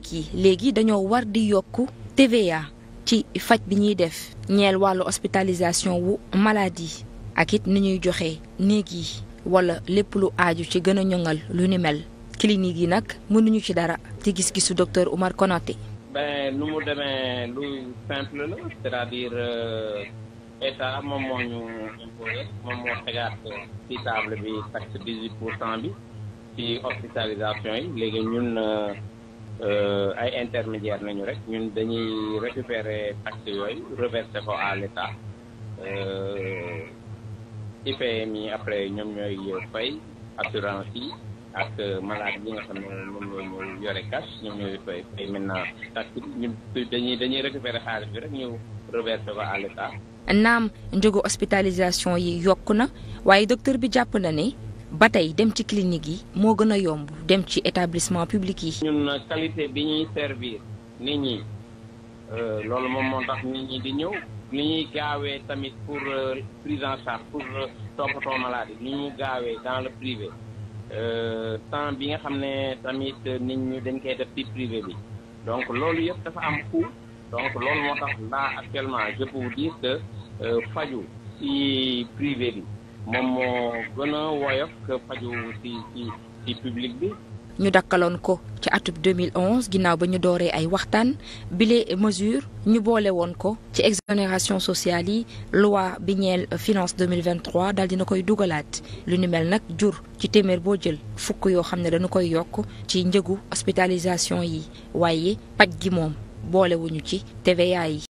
clinique léegi dañoo war di yokku TVA ci faj bi ñuy def ñeel wàllu hospitalisation wu maladie ak it ni ñuy joxe néeg yi wala lépp lu aaju ci gën a ñoŋal lu ni mel clinique yi nag mënuñu ci dara ci gis-gisu docteur Oumar Konaté. ben nu mu demee lu simple la c'est-à-dire euh, état moom moo ñu imposé moom moo tegaat ci table bi taxe dix-huit pour cent bi ci hospitalisation yi léegi ñun. Euh, Euh, ay intermédiaire nañu rek ñun dañuy récupérer taxe yooyu reversé ko à l'état euh, IPM yi après ñoom ñooy fay assurance yi ak malade yi nga xam ne moom ñooy yore cash ñoom ñooy fay fay maintenant taxe ñun dañuy dañuy récupérer xaalis bi rek ñu reversé ko à l'état naam njëgu hospitalisation yi yokk na waaye docteur bi jàpp na ne ba tey dem ci clinique yi moo gën a yomb dem ci établissement public yi. ñun qualité bi ñuy servir nit ñi euh, loolu moom moo tax nit ñi di ñëw ni ñuy gaawee tamit pour euh, prise en charge pour euh, toppatoo maladie ni ñu gaawee dans le privé temps bi nga xam ne tamit nit ñi dañ koy def ci privé bi donc loolu yëpp dafa am coût donc loolu moo tax là actuellement je peux faju ci privé bi. moom moo euh, gën a paju ci ci ci public bi. ñu dakkaloon ko ci atub ginnaaw ba ñu dooree ay waxtaan bile mesure ñu boole woon ko ci exonération sociale yi loi bi ñeel finance 2023 daal dina koy dugalaat lu ni mel nag jur ci téeméer boo jël fukk yoo xam ne dañu koy yokk ci njëgu hospitalisation yi waaye paj gi moom boolewuñu ci TVA yi.